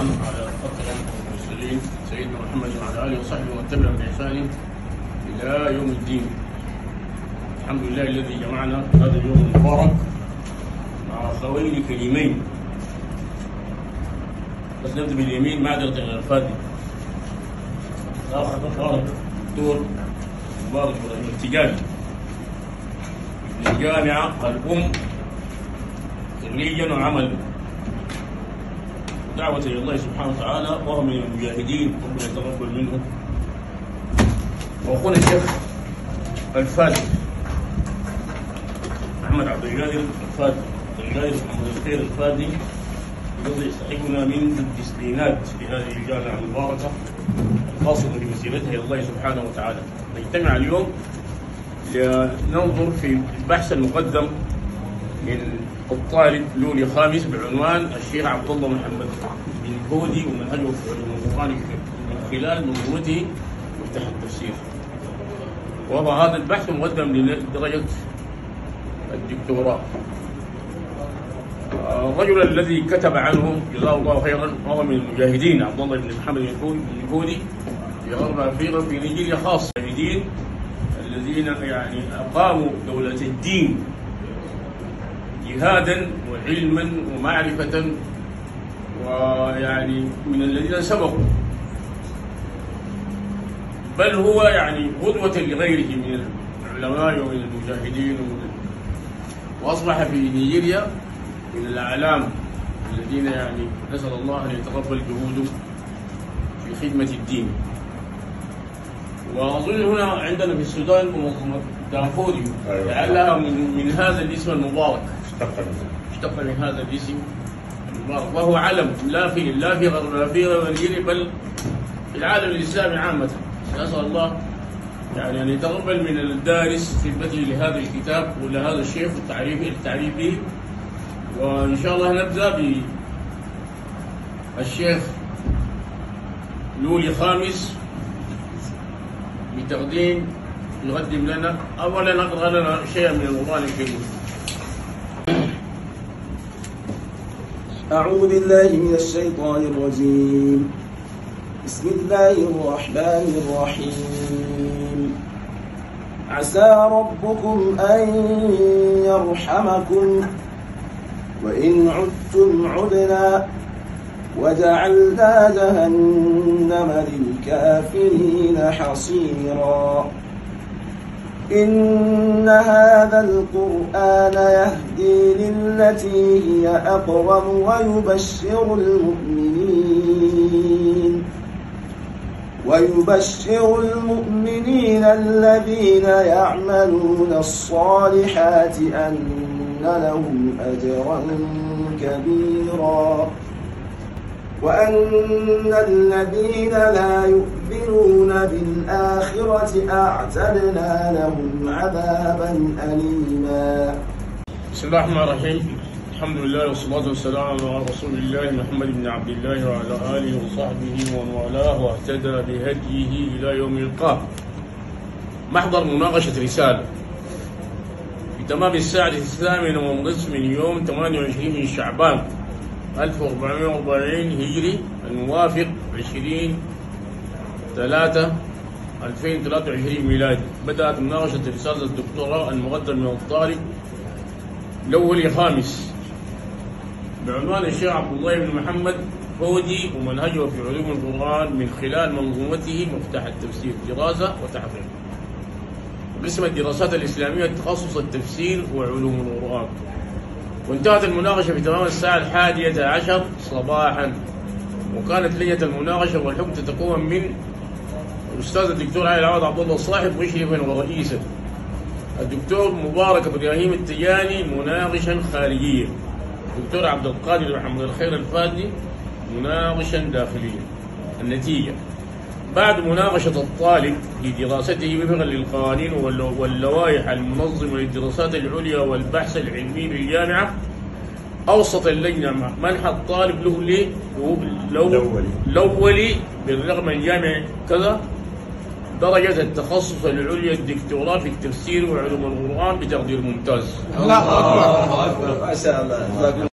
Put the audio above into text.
على خط المرسلين سيدنا محمد وعلى اله وصحبه ومن تبعهم باحسان الى يوم الدين. الحمد لله الذي جمعنا هذا اليوم المبارك مع اخوين كريمين. بس نبدا باليمين معذره غير فادي. الاخ المبارك الدكتور مبارك ابراهيم التجاري. الجامعه الام خريجا وعمل دعوة إلى الله سبحانه وتعالى وهو من المجاهدين ربنا يتقبل منه وأخونا الشيخ الفاتح محمد عبد القادر الفادي عبد القادر محمد الخير الفادي الذي صاحبنا من التسليمات في هذه الجامعة المباركة الخاصة بمسيرتها إلى الله سبحانه وتعالى نجتمع اليوم لننظر في البحث المقدم الطالب لولي خامس بعنوان الشيخ عبد الله محمد الكودي ومنهجه في علوم القرآن من خلال منظومته مفتاح التفسير. وضع هذا البحث مقدم لدرجة الدكتوراه. الرجل الذي كتب عنه جزاه الله خيرا هو من المجاهدين عبد الله بن محمد الكودي في غرب افريقيا في نيجيريا خاصه المجاهدين الذين يعني اقاموا دوله الدين اجتهادا وعلما ومعرفة ويعني من الذين سبقوا بل هو يعني قدوة لغيره من العلماء ومن المجاهدين ومن وأصبح في نيجيريا من الأعلام الذين يعني نسأل الله أن يتقبل جهودهم في خدمة الدين وأظن هنا عندنا في السودان منظمة دافوريو أيوة. لعلها من هذا الاسم المبارك اشتق الاسم اشتق من هذا الاسم وهو علم لا في لا في لا في غيره بل في العالم الاسلامي عامه نسال الله يعني ان يتقبل من الدارس خدمته لهذا الكتاب ولهذا الشيخ والتعريف التعريف به وان شاء الله نبدا ب الشيخ لولي خامس بتقديم يقدم لنا اولا اقرا لنا شيئا من القران الكريم أعوذ بالله من الشيطان الرجيم بسم الله الرحمن الرحيم عسى ربكم أن يرحمكم وإن عدتم عدنا وجعلنا جهنم للكافرين حصيراً إن هذا القرآن يهدي للتي هي أقوم ويبشر المؤمنين ويبشر المؤمنين الذين يعملون الصالحات أن لهم أجرا كبيرا وأن الذين لا يؤمنون بالآخرة أعتدنا لهم عذابا أليما بسم الله الرحمن الرحيم الحمد لله والصلاة والسلام على رسول الله محمد بن عبد الله وعلى آله وصحبه ومن والاه واهتدى بهديه إلى يوم يلقاه محضر مناقشة رسالة في تمام الساعة الثامنة والنصف من يوم 28 من شعبان 1440 هجري الموافق 20 3 2023 ميلادي بدأت مناقشة رسالة الدكتوراه المقدم من الطالب الأول خامس بعنوان الشيخ عبد الله بن محمد فودي ومنهجه في علوم القرآن من خلال منظومته مفتاح التفسير دراسة وتحقيق قسم الدراسات الإسلامية تخصص التفسير وعلوم القرآن وانتهت المناقشة في تمام الساعة الحادية عشر صباحا وكانت لجنة المناقشة والحكم تتكون من الأستاذ الدكتور علي العوض عبد الله صاحب مشرفا ورئيسا الدكتور مبارك إبراهيم التجاني مناقشا خارجيا الدكتور عبد القادر محمد الخير الفادي مناقشا داخليا النتيجة بعد مناقشة الطالب لدراسته وفقا للقوانين واللوائح المنظمة للدراسات العليا والبحث العلمي بالجامعة أوسط اللجنة منح الطالب له ليه؟ لولي بالرغم من جامع كذا درجة التخصص العليا الدكتوراه في التفسير وعلوم القرآن بتقدير ممتاز. الله أكبر. ما شاء الله.